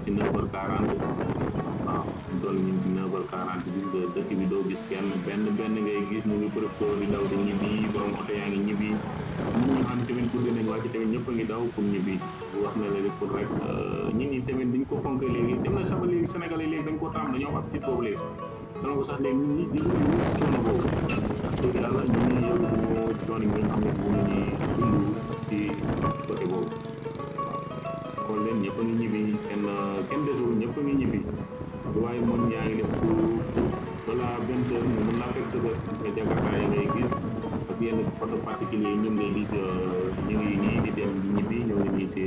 toll ci 9h40 waaw mu toll ñu ngi ci 9h40 gis nga dëkk bi doo gis kenn benn benn ngay gis mu ngi profité bi daw di ñibbi borom oto yaa ngi ñibbi ñun ñu xam tamit pour gën a wàcc tamit ñëpp a ngi daw pour ñibbi wax na léegi pour rek ñun euh, ñi tamit dañ ko fonk léegi dem na sama léegi Sénégalais léegi dañ ko tàmm dañoo am ci boobu léegi dana ko sax léegi ñun ñi ñu ngi coono boobu dëgg yàlla ñu ngi yëngu coono yi nga xam ne moom la ñuy dund ci côté boobu kenn desul ñëpp ngi ñibbi waaye mën ñaa ngi def pour balaa vingt heures mu mën laa fekk sa bët nga jakartaa yi ngay gis ak yenn photo particulier ñoom ngay gis ñu ngi nii di dem ñibbi ñoo ngi nii si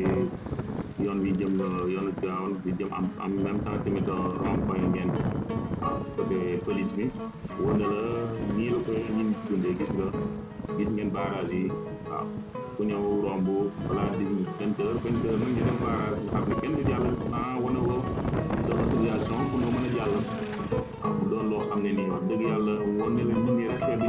yoon bi jëm yoon Tivaouane bi jëm am en même temps tamit euh, rond-point ngeen côté police bi wane la nii la koy ñun dundee gis nga gis ngeen barrage yi waaw ku ñëw romb balaa dix vingt heures vingt heures nag ñu xam ne kenn jàll sans wane woo sa autorisation pour nga mën a jàll waaw doon loo xam ne nii wax yàlla woon ne leen ñu ngi respect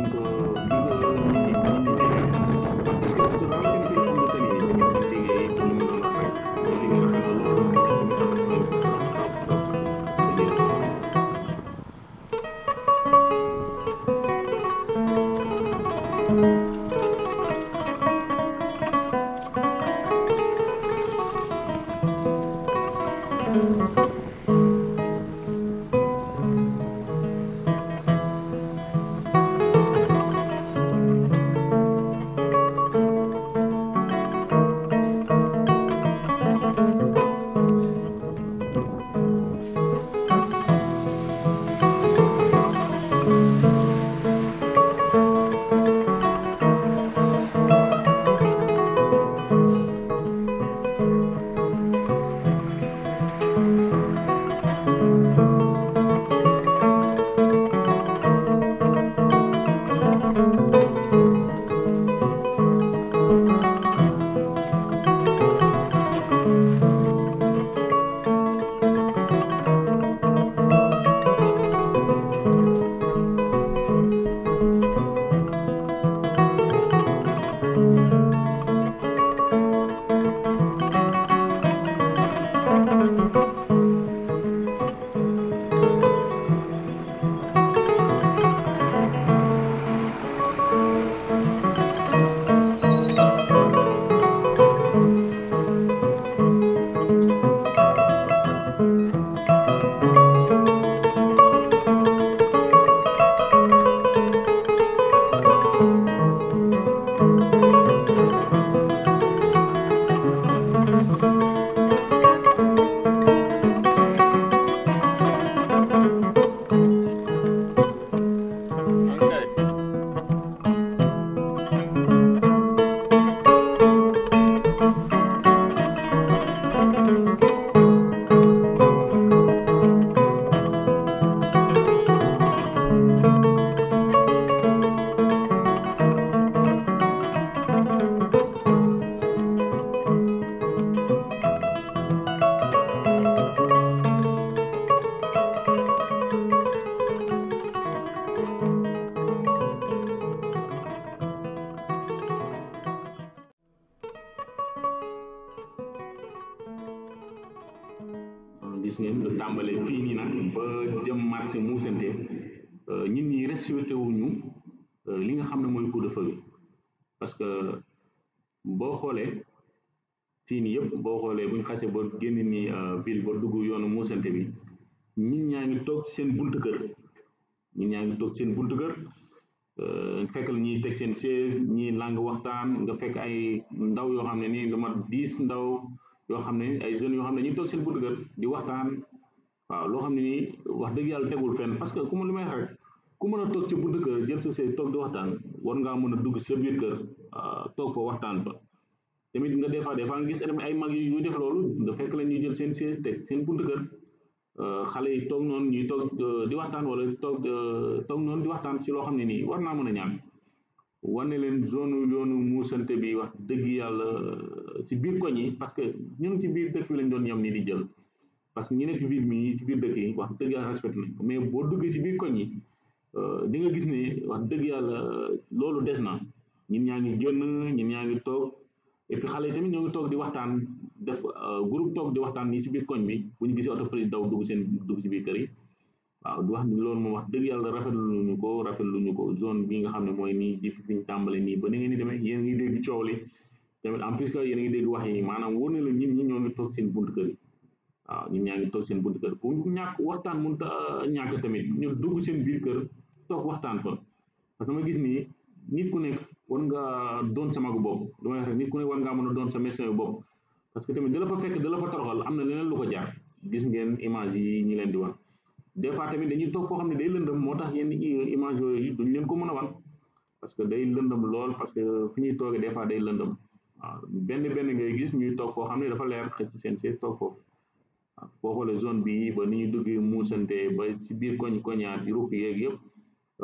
seen chaise ñi langue waxtaan nga fekk ay ndaw yoo xam ne nii lu mat diis ndaw yoo xam ne ay jeunes yoo xam ne ñu toog seen buntu kër di waxtaan waaw loo xam ne nii wax dëgg yàlla tegul fenn parce que ku ma li may rek ku mën a toog ci buntu kër jël sa chaise toog di waxtaan war ngaa mën a dugg sa biir kër ah, toog fa waxtaan fa tamit nga des fois des fois nga gis ay mag yu def loolu nga fekk la ñuy jël seen chaise teg seen buntu kër ah, xale yi toog noon ñuy toog ah, di waxtaan wala toog toog noon di waxtaan ci loo xam ne nii war naa mën a ñaan wane leen zone yoonu muusante bi wax dëgg yàlla euh, ci biir koñ yi parce que ñun ci biir dëkk bi lañ doon yem ni di jël parce que ñu nekk ville mi ci biir dëkk yi wax dëgg yàlla respecté nañ mais boo duggee ci biir koñ yi euh, di nga gis ne wax dëgg yàlla euh, loolu des na ñun ñaa ngi génn ñun ñaa ngi toog et puis xale yi tamit ñoo ngi toog di waxtaan def groupe toog di waxtaan nii ci biir koñ bi bu ñu gisee oto prise daw dugg seen dugg ci biir kër yi waaw du wax ni loolu moom wax dëgg yàlla rafetlu ñu ko rafetlu ñu ko zone bi nga xam ne mooy nii jëpp fi ñu tàmbale nii ba ni ngeen di demee yéen ngi dégg coow li tamit en plus que yéen ngi dégg wax yi maanaam wóor na la ñun ñi ñoo ngi toog seen buntu kër yi waaw ñun ñaa ngi toog seen buntu kër bu ñàkk waxtaan mënut a ñàkk tamit ñu dugg seen biir kër toog waxtaan fa parce que ma gis nii nit ku nekk war nga doon sa magu bopp lu may wax rek nit ku nekk war ngaa mën a doon sa médecin bopp parce que tamit da fa fekk da la fa toroxal am na leneen lu ko jaar gis ngeen image ñu leen di wan des fois tamit dañuy toog foo xam ne day lëndëm moo tax yenn image yooyu duñ leen ko mën a wan parce que day lëndëm lool parce que fi ñuy toogee des fois day lëndëm waaw benn benn ngay gis ñuy toog foo xam ne dafa leer xëcc seen seet toog foofu waaw boo xoolee zone bii ba ni ñu duggee muusante ba ci biir koñ koñaat ruq yeeg yëpp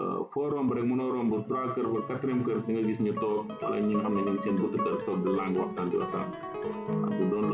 euh, foo romb rek mënoo romb trois kër ba quatrième kër nga gis ñu toog wala ñi xam ne ñoom seen bëtt kër toog di lang waxtaan di waxtaan waaw doon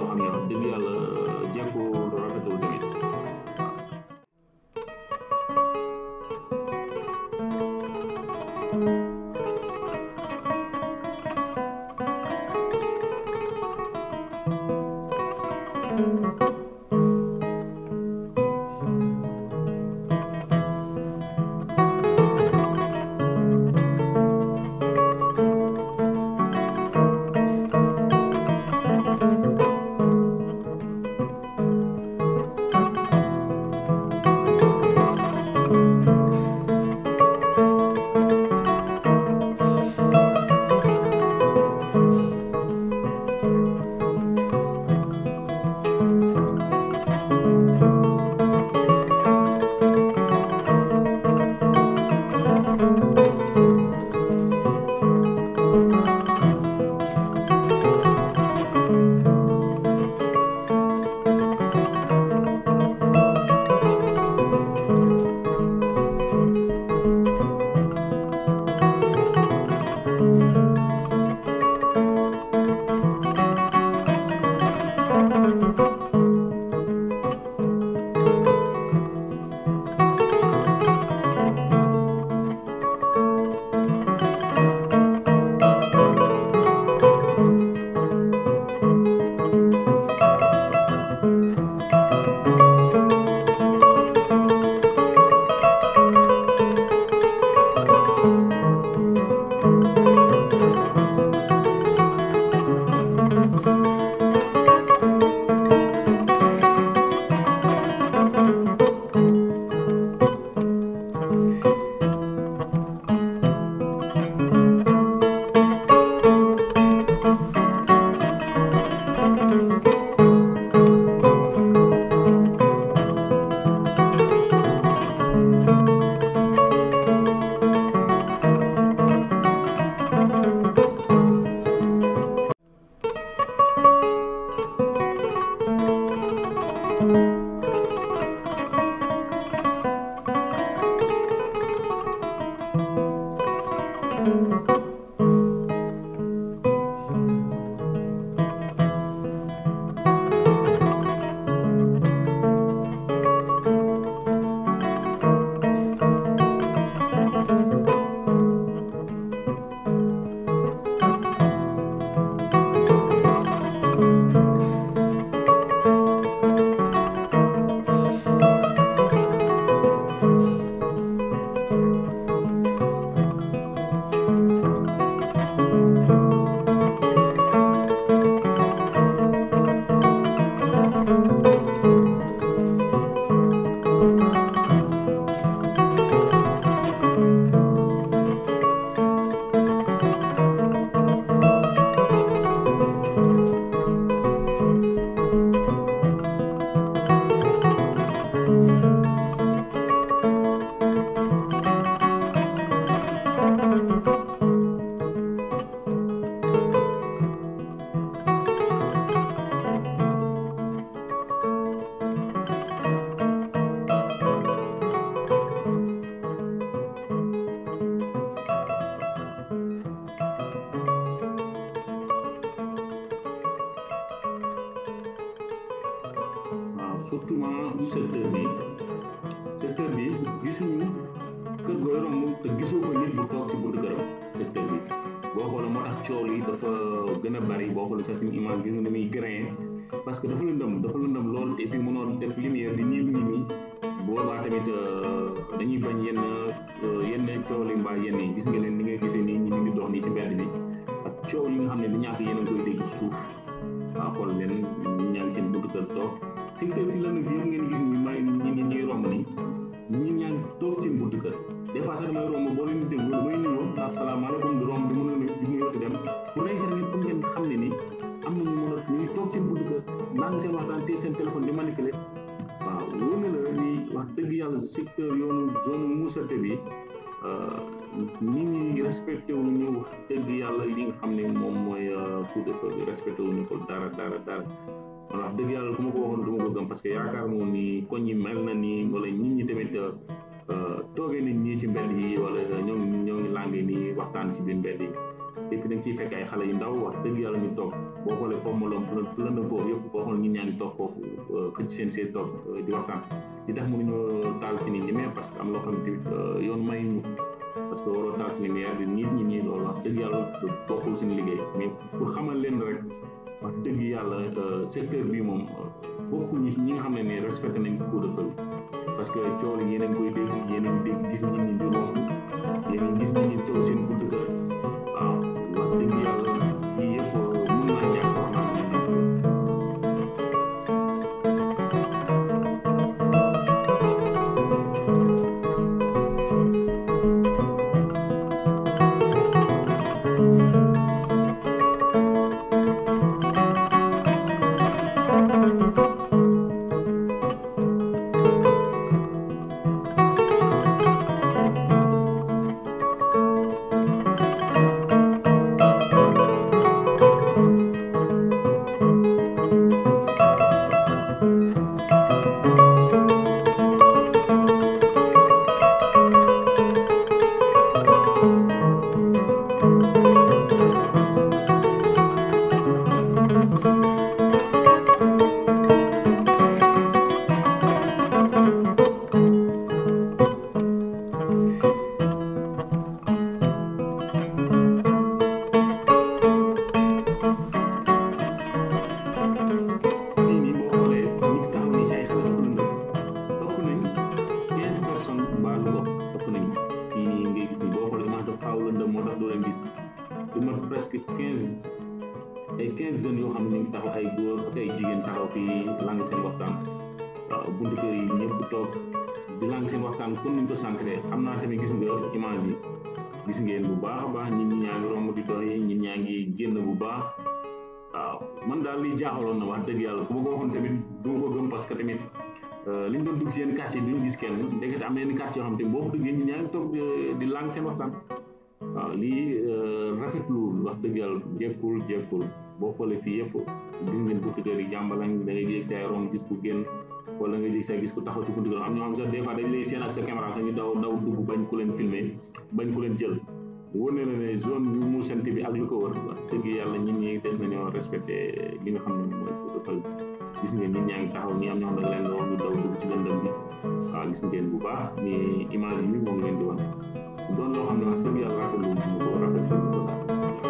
surtout secteur bi secteur bi gisuñu kër gooy romb te gisoo ko nit bu toog ci buntu këram secteur bi boo xoolee moo tax coow yi dafa gën bari boo xoolee sax suñu image gis nga ni muy grain parce que dafa lëndëm dafa lëndëm lool acteur yoonu zone Moussate euh, bi ni ñuy respecté wu ñu dëgg yàlla li nga xam ne moom mooy euh, coup de feu bi wu ñu ko dara dara dara wax dëgg yàlla ku ma ko waxoon du ma ko gëm parce que yaakaar moom ni koñ yi mel na nii wala nit ñi tamit euh, toogee nit ñi ci mbedd yi wala ñoo ngi ñoo ngi làngee nii waxtaan ci biir mbedd yi. et puis da nga ciy fekk ay xale yu ndaw wax dëgg yàlla ñu toog boo xoolee foofu mu lëkkaloo fële na foofu yëpp boo xoolee ñun ñaa ngi toog foofu xëcc euh, seen see toog euh, di waxtaan li tax mënuñoo taal ci nit ñi mais parce que am loo xam ne tamit euh, yoon mayuñu parce que waroo taal ci nit ñi di nit ñi nii loolu wax dëgg yàlla bokkul suñu liggéey mais pour xamal leen rek wax dëgg yàlla secteur bi moom bokkul ñi nga xam ne nii respecté nañ coup de feu bi parce que coow yeneen koy dégg yeneen dégg gis nit ñi juróom yeneen gis nit ñi toog seen bunt kër gis ay quinze jeunes yoo xam ne ñu taxaw ay góor ak ay jigéen taxaw fii lang seen waxtaan waaw buntu kër yi ñëpp toog di lang seen waxtaan comme niñ ko centré xam naa tamit gis nga image yi gis ngeen bu baax a baax nit ñi ñaa ngi romb di doxee nit ñaa ngi génn bu baax waaw man daal li jaaxaloon na wax dëgg yàlla ku ma ko waxoon tamit du ma ko gëm parce que tamit euh, liñ doon dugg seen quartier duñu gis kenn ndekete am na yenn quartier yoo xam te boo fa duggee nit ñaa ngi euh, waaw lii euh, rafetlu wax dëgg yàlla jekkul jekkul boo xoolee fii yëpp gis ngeen buntu kër yi jàmba lañ da ngay gis gis ku génn wala nga gis ay gis ku taxaw ci buntu kër am des fois dañ lay seen ak daw dugg bañ ku leen filmer bañ ku leen jël wane na ne zone yu mu sant bi ak li ko wër wax dëgg yàlla ñun ñi def nañoo respecté li nga xam ne mooy protocole gis ngeen nit ñaa ngi taxaw nii am ñoo xam leen wax ñu daw dugg ci lëndëm bi waaw gis ngeen bu baax ni image yi moom ngeen di wan doon loo xam ne wax dëgg yàlla rafetlu ko rafetlu ko daal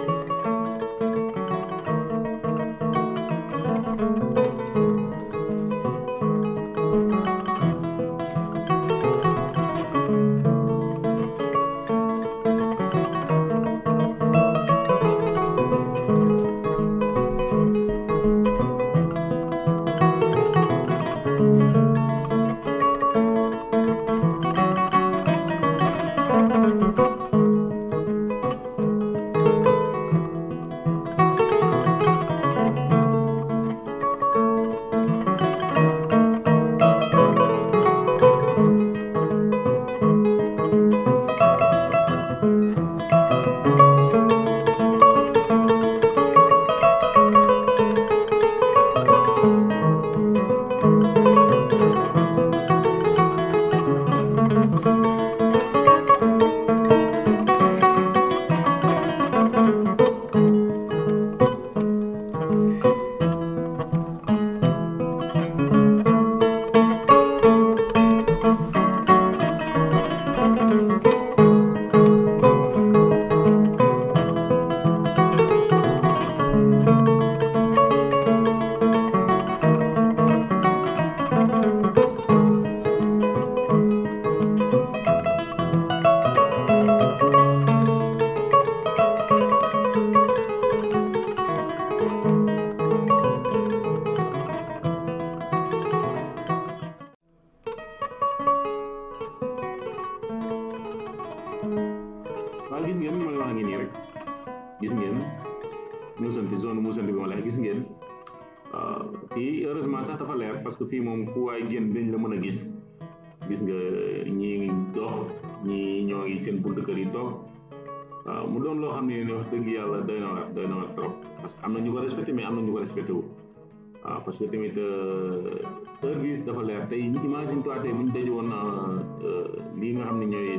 xoolee suñu tuwaatee ni ñu daje woon euh, euh, lii nga xam ne ñooy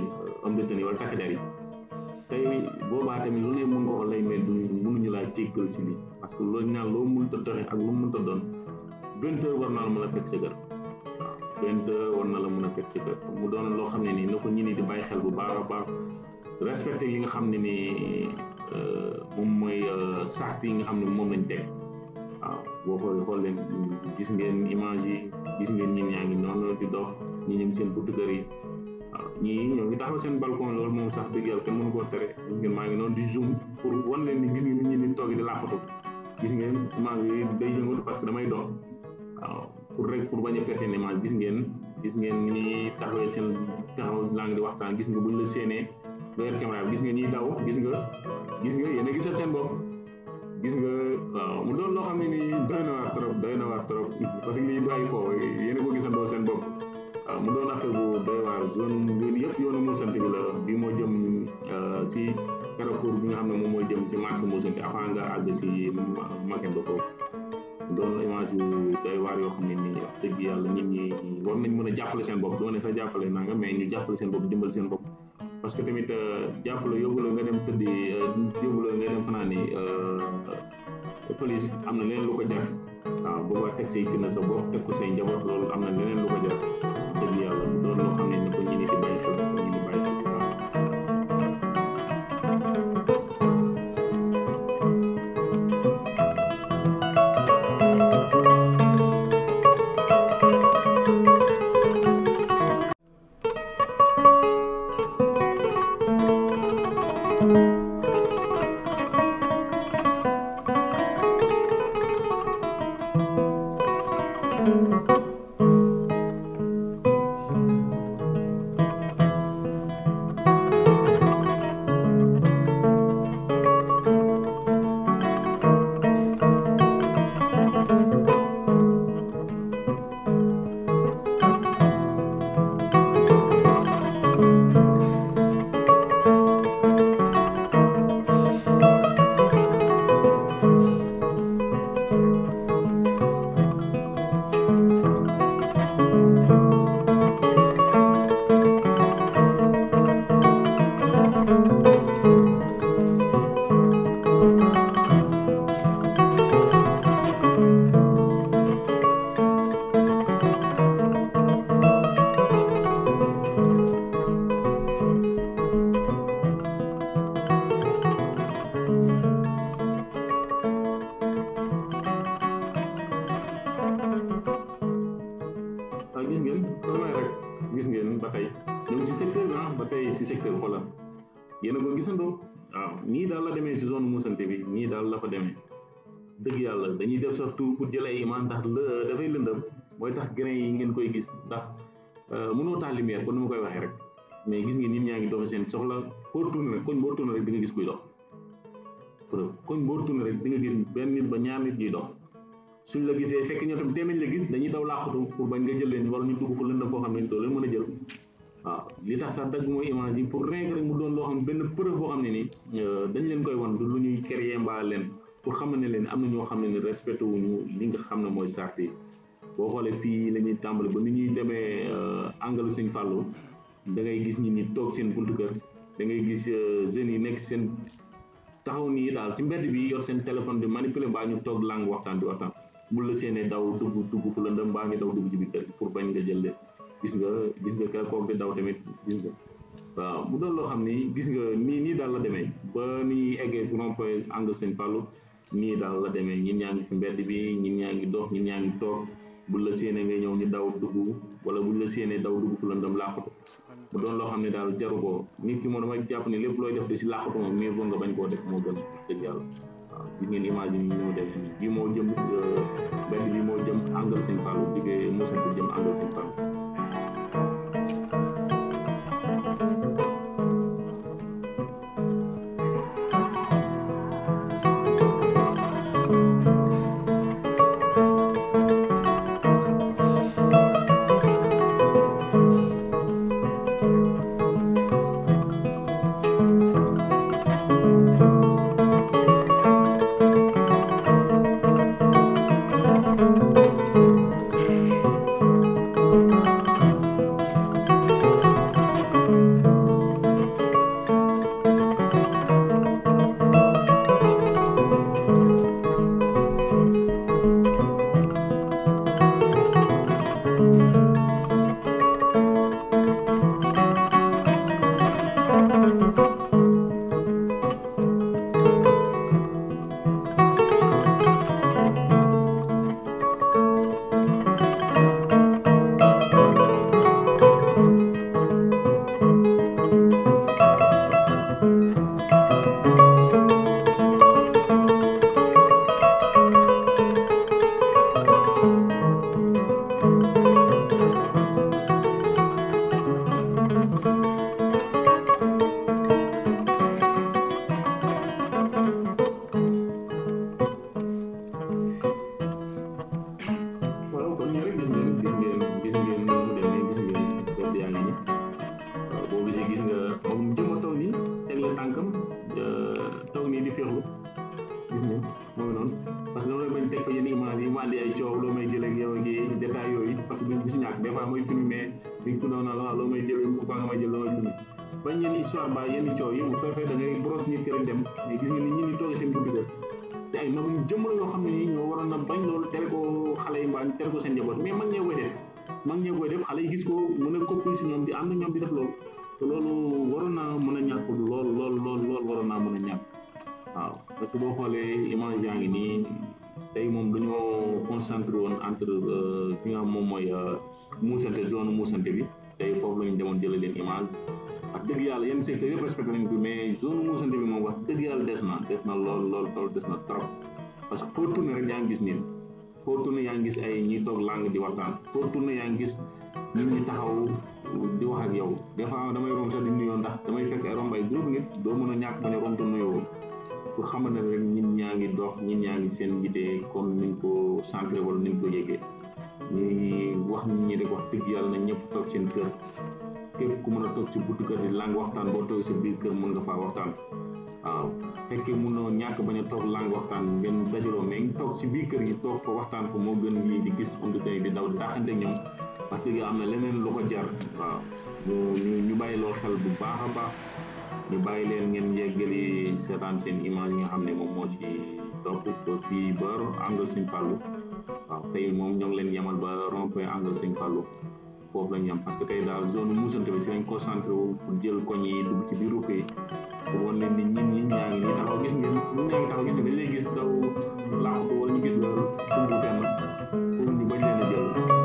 am euh, de tenue wala tey boobaa tamit lu ne mun nga ko lay mel du mënuñu laa jéggal ci lii parce que loolu naan loo mënut a doxe ak lu mënut a doon vingt heures war naa la mën a fekk sa kër waaw na la mën a fekk mu doon loo xam ne nii na ko ñi ni di bàyyi xel bu baax a baax respecté yi nga xam ne nii moom mooy sart yi nga xam ne moom lañ teg waaw boo xoolee xool gis ngeen image yi gis ngeen ñi ñaa ngi noonu di dox ñi ñu ngi seen buntu kër yi waaw ñii ñoo ngi taxaw seen balcon loolu moom sax dëgg yàlla kenn mënu koo tere gis ngeen maa ngi noonu di zoom leen gis ngeen ñi ni toog di làqatu gis ngeen image yi parce que damay dox pour rek pour bañ a perte gis ngeen gis ngeen ni ñuy taxawee seen taxaw laa ngi di waxtaan gis nga buñ la séenee weer caméra bi gis nga ñuy daw gis nga gis nga yéen a gisal seen boo gis nga waaw mu doon loo xam ne nii doy na waar trop doy na waar trop parce que lii du ay foo yéen a ko gisandoo seen bopp waaw mu doon affaire bu doy waar zone yoonu yëpp yoonu Moussanti la bi moo jëm euh, ci carrefour bi nga xam ne moom moo jëm ci marché Moussanti avant nga àgg si Makendo foofu doon yoo xam ne nii war nañ mën a jàppale seen bopp doo ne jàppale naa nga ñu jàppale seen bopp dimbal seen bopp parce que tamit euh, jàpp la yóbbu la nga dem tëddi euh, yóbbu la nga dem fanaan ni euh, police am na leneen lu ko jar waaw boobaa teg say fitna sa bopp teg ko say njaboot loolu am na leneen lu ko jar dëgg yàlla doon loo xam ne ni ko ñu ni di bàyyi xel ñu ni bàyyi mooy tax grain yi ngeen koy gis ndax euh, mënoo tax lumière kon nu ma koy waxee rek mais gis ngeen nit ñaa ngi doxe seen soxla foo tourné rek koñ boo tourné nga gis kuy dox preuve koñ boo tourné rek di benn nit ba ñaar nit ñuy dox suñ la gisee fekk ñoo tamit teel nañ la gis dañuy daw laaxatu pour bañ nga jël leen wala ñu dugg fu lëndëm foo xam ne doo leen mën a jël waaw li tax sax dagg mooy image yi pour rien rek mu doon loo xam benn preuve boo xam ne ni euh, dañ leen koy wan lu ñuy créer mbaa leen pour xam ne leen am na ñoo xam ne ni respecté wuñu li xam ne mooy sart yi boo xoolee fii lañuy tàmbali ba ni ñuy demee euh, angalu seen Fallou da ngay gis ñi ñi toog seen buntu kër da ngay gis euh, jeunes yi nekk seen taxaw nii daal ci mbedd bi yor seen téléphone bi manipuler mbaa ñu toog langue waxtaan di waxtaan bu la seenee daw dugg dugg fu lëndëm mbaa ngi daw dugg ci pour bañ nga jël gis nga gis nga kër koog daw tamit gis nga waaw mu loo xam ni gis nga nii nii daal la demee ni eggee rond point angle sëñ Fallou nii daal la demee ñin ñaa ngi si mbedd bi ñin ñaa ngi dox ñin ñaa ngi toog buñ la séenee nga ñëw ñu daw dugg wala buñ la séenee daw dugg fu lëndëm laaxatu mu doon loo xam ne daal jaru ko nit ki moom damay jàpp ni lépp looy def di si laaxatu moom mieux vaut nga bañ koo def moo gën a yàlla waaw gis ngeen image yi ñu demee nii bii moo jëm euh, benn bi moo jëm angal sëñ Fallou jigéen moo jëm angal sëñ Fallou ay magum jëmm xam ne nii ñoo waroon na bañ xale yi mbaa tere ko seen njaboot mais mag ñee koy def mag ñee koy def xale yi gis ko mën a coppi si ñoom di ànd ñoom di def loolu te loolu waroon naa mën a ñàkk lool lool lool lool waroon naa mën a ñàkk parce que boo xoolee image yaa ngi nii tey moom dañoo concentre woon entre fi euh, nga xam moom mooy euh, muusante zone muusante bi tey foofu la ñu demoon jëlee leen image wax dëgg yàlla yenn secteurs yëpp respecté nañ ko mais zone Moussante bi moom wax dëgg yàlla des na des na lool lool lool des na trop parce que foo tourné rek yaa ngi gis nit foo tourné yaa ngi gis ay ñuy toog langue di waxtaan foo tourné yaa ngi gis nit ñi taxaw di wax ak yow des fois damay romb sax di nuyoo ndax damay fekk ay romb ay groupe nit doo mën a ñàkk ba ne romb nuyoo pour xamal ne rek nit ñaa ngi dox nit ñaa ngi seen idée comme niñ ko centré wala niñ ko yëgee ñuy wax nit ñi rek dëgg yàlla na ñëpp toog seen képp ku mën a toog ci buntu kër di langue waxtaan boo toog sa biir kër mën nga faa waxtaan waaw fekkee mënoo ñàkk bañ a toog langue waxtaan ngeen dajaloo mais toog si biir kër gi toog fa waxtaan fa moo gën lii di gis am tey di daw di dàqante ñoom parce que am na leneen lu ko jar ñu ñu loo xel bu baax a baax ñu bàyyi leen ngeen yeggali seetaan seen image yi nga xam ne moom moo ci topp ko fii ba angle Sëñ Fallou waaw tey moom ñoo ngi leen yemal ba rond-point angle Sëñ Fallou foofu la ñu am parce que tey daal zone muusante bi si lañ ko wu pour jël koñ yi dugg ci biir ruq yi pour wan leen ni ñin ñi ngi nii taxaw gis ngeen ñu ñaa ngi taxaw gis ngeen léegi gis daw laaxatu wala ñu gis la tumbu fenn pour a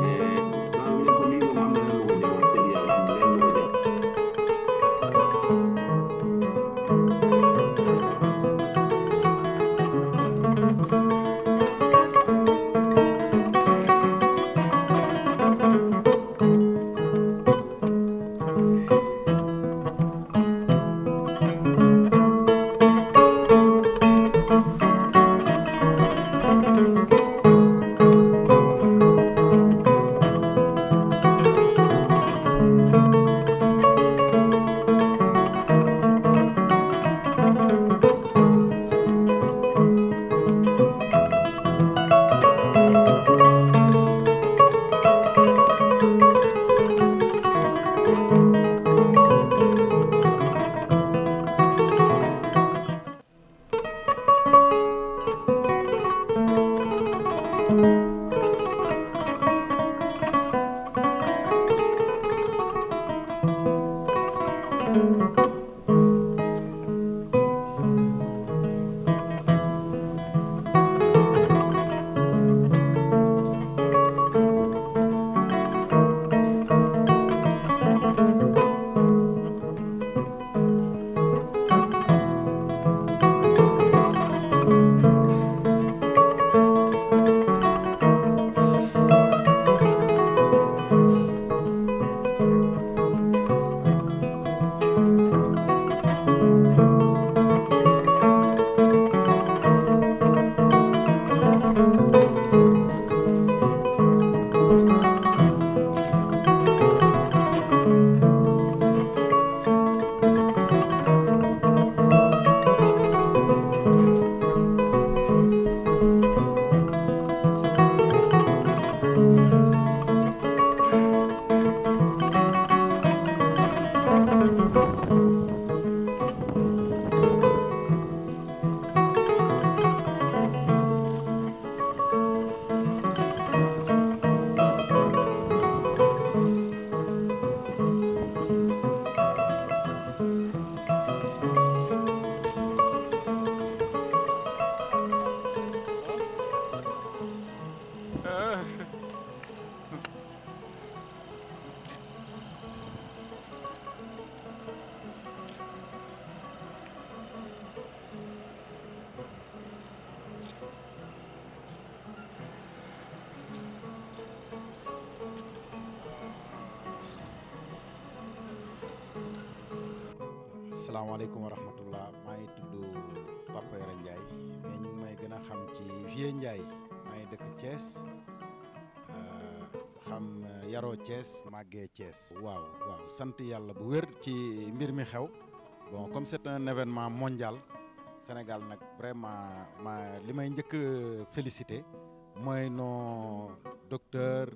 asalaamaaleykum wa rahmatullah maa ngi tudd Papa Yoro may gën a xam ci Vieux Ndiaye maa ngi dëkk Thiès euh, xam euh, yaroo Thiès màggee Thiès waaw waaw sant yàlla bu wér ci mbir mi xew bon comme c'est un événement mondial Sénégal nag vraiment ma li may njëkk euh, félicité mooy noo docteurs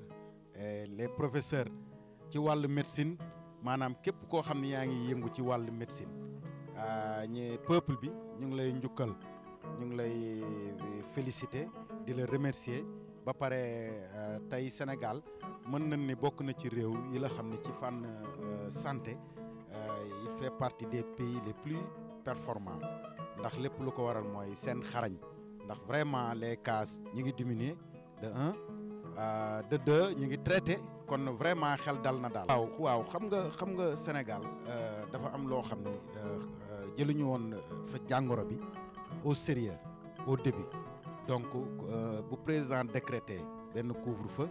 et professeur professeurs ci wàll médecine maanaam képp koo xam ne yaa ngi yëngu ci wàllu médecine Euh, ñi peuple bi ñu ngi lay njukkal ñu ngi lay euh, félicité di la remercier ba pare euh, tey Sénégal mën nañ ni bokk na ci réew yi la xam ne ci fànn santé il fait partie des pays les plus performants ndax lépp lu ko waral mooy seen xarañ ndax vraiment les cas ñu ngi diminuer de un de ñu ngi traité kon vraiment xel dal na daal. waaw waaw xam nga xam nga Sénégal dafa am loo xam ni. jëluñu woon euh, fa jàngoro bi au sérieux au début donc euh, bu président décrété benn couvre-feu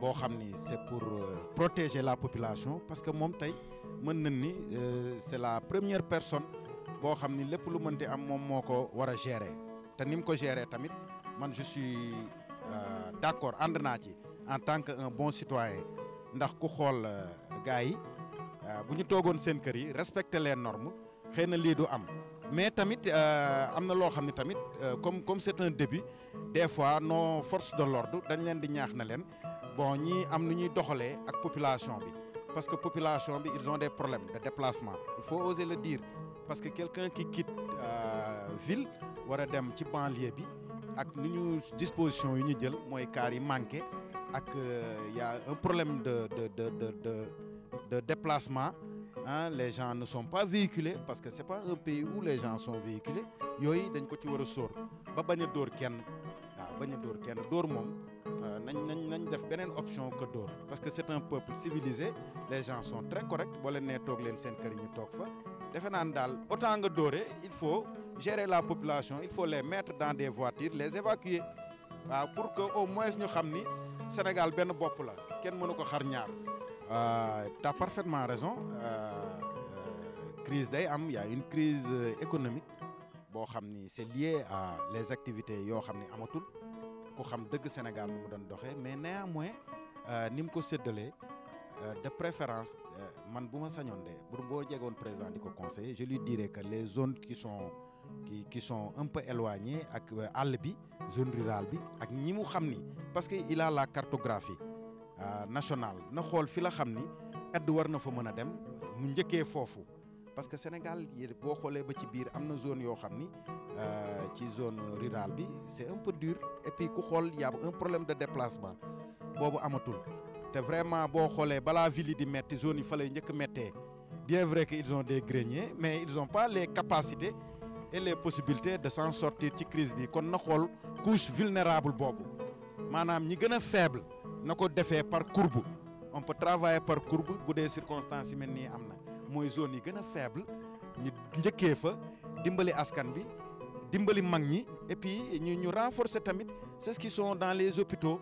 boo xam ni c'est pour euh, protéger la population parce que moom tey mën nañ ni c'est la première personne boo xam ni lépp lu mënti am moom moo ko war a gérer te ni ko gérer tamit man je suis d'accord ànd naa ci en tant que un bon citoyen ndax ku xool gars yi bu ñu toogoon seen kër yi respecter les normes xëy na lii du am mais tamit euh, am na loo xam ne tamit euh, comme comme c'est un début des fois nos force de l'ordre dañ leen di ñaax na leen bon ñii am nu ñuy doxalee ak population bi parce que population bi ils ont des problèmes de déplacement il faut oser le diir parce que quelqu'un qui quitte euh, ville war a dem ci banlieue bi ak nu ñu disposition yu ñu jël mooy car yi manqué ak euh, y a un problème de de de de de, de déplacement ah les gens ne sont pas véhiculés parce que c'est pas un pays où les gens sont véhiculés yooyu dañ ko ci war a sóor ba bañ a dóor kenn waaw bañ a dóor kenn dóor moom euh, nañ nañ nañ def beneen option que door parce que c'est un peuple civilisé les gens sont très corrects boo leen nee toog leen seen kër yi ñu toog fa defe naan daal autant nga dóore il faut gérer la population il faut les mettre dans des voitures les évacuer waaw pour que au moins ñu xam ni Sénégal benn bopp la kenn mënu ko xar ñaar Euh, tu as parfaitement raison euh, euh, crise day am y a une crise euh, économique boo xam ni c'est lié à les activités yoo xam ni amatul ku xam dëgg Sénégal nu mu doon doxee mais néanmoins ni mu ko séddalee de préférence man bu sañoon de pour boo jegoon président di ko conseiller je lui dirais que les zones qui sont qui qui sont ak àll bi zone rural bi ak ñi mu xam ni parce que il a la cartographie Euh, nationale na xool fi la xam ni aide war na fa mën a dem mu njëkkee foofu parce que Sénégal boo xoolee ba ci biir am na zone yoo xam ni euh, ci zone rural bi c'est un peu dur et puis ku xool y a un problème de déplacement boobu amatul te vraiment boo xoolee balaa ville di metti zone yi fa lay njëkk mettee bien vrai que ils ont des greniers mais ils ont pas les capacités et les possibilités de s'en sortir ci crise bi kon na xool couche vulnérable boobu maanaam ñi gën a faible na ko defee par courbe on peut travailler par courbe bu dee circonstances yi mel nii am na mooy zone yi gën a faible ñu njëkkee fa dimbali askan bi dimbali mag ñi et puis ñu ñu renforcer tamit c'est ce qui sont dans les hôpitaux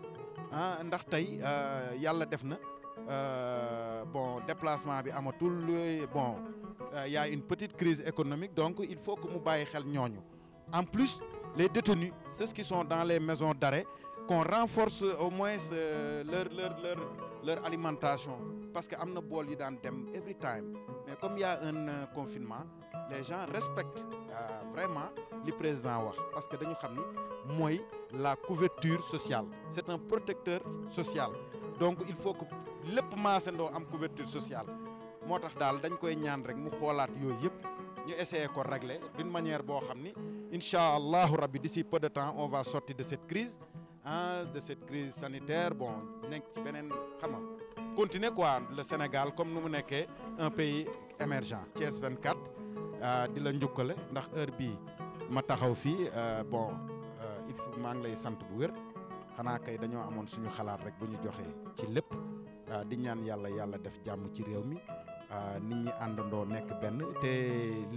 ah ndax tey euh, yàlla def na euh, bon déplacement bi amatul bon euh, y a une petite crise économique donc il faut que mu bàyyi xel ñooñu en plus les détenus c'est ce qui sont dans les maisons d'arrêt qu'on renforce au moins euh, leur leur leur leur alimentation parce que am na bool yu daan dem every time mais comme il y un euh, confinement les gens respectent euh, vraiment li président wax parce que dañu xam ni mooy la couverture sociale c'est un protecteur social donc il faut que lépp maasandoo am couverture social moo tax daal dañ koy ñaan rek mu xoolaat yooyu yëpp ñu essayer ko régler d'une manière boo xam ni incha allahu rabbi d'ici peu de temps on va sortir de cette crise ah de cette crise sanitaire bon nekk ci beneen xam nga quoi le Sénégal comme nu mu nekkee un pays émergent. Thiès 24 ah, di la njukkale ndax heure bii ma taxaw fii ah, bon ah, il faut maa ngi lay sant bu wér xanaa kay dañoo amoon suñu xalaat rek bu ñu joxee ci lépp di ñaan yàlla yàlla def jàmm ci réew mi nit ñi àndandoo nekk benn te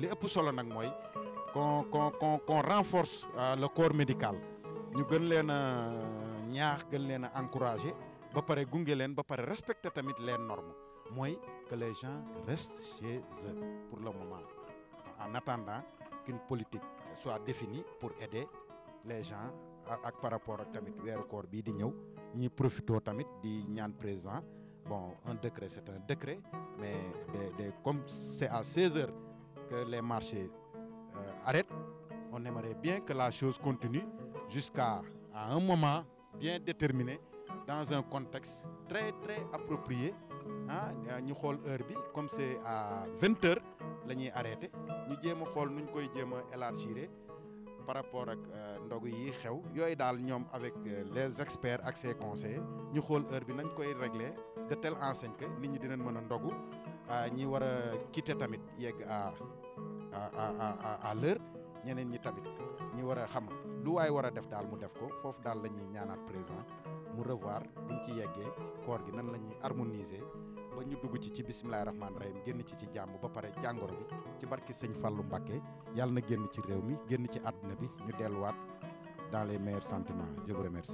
li ëpp solo nag mooy kon kon qu'on renforce le corps médical. ñu gën leen a ñaax gën leen a ba pare gunge leen ba pare respecter tamit leen normes mooy que les gens restent chez pour le moment en attendant qu'une politique soit définie pour aider les gens ak par rapport ak tamit weeru koor bii di ñëw ñuy profitoo tamit di ñaan président bon un décret c'est un décret mais de comme c'est à 16 heures que les marché euh, arrêtent on aimerait bien que la chose continue jusqu'à à moment bien déterminé dans un contexte très très approprié ah, ñu xool heure bi comme c'est à vingt lañuy la ñu jéem a xool nuñ koy jéem a élargir par rapport ak euh, ndogu yi xew yooyu daal ñoom avec euh, les experts ak ses conseillers ñu xool heure bi nañ koy régler de telle enseigne que nit ñi dinañ mën a ndogu ñi war a quitter tamit yegg à à à ñeneen ñi tamit ñi war a xam. lu waay war a def daal mu def ko foofu daal lañuy ñaanaat président mu revoir buñ ci yeggee koor gi nan la ñuy harmoniser ba ñu dugg ci ci bisimilahi rahmaani rahim génn ci ci jàmm ba pare jàngoro bi ci barki sëñ Fallou Mbacké yàlla na génn ci réew mi génn ci àdduna bi ñu delluwaat dans les meilleurs sentiments je vous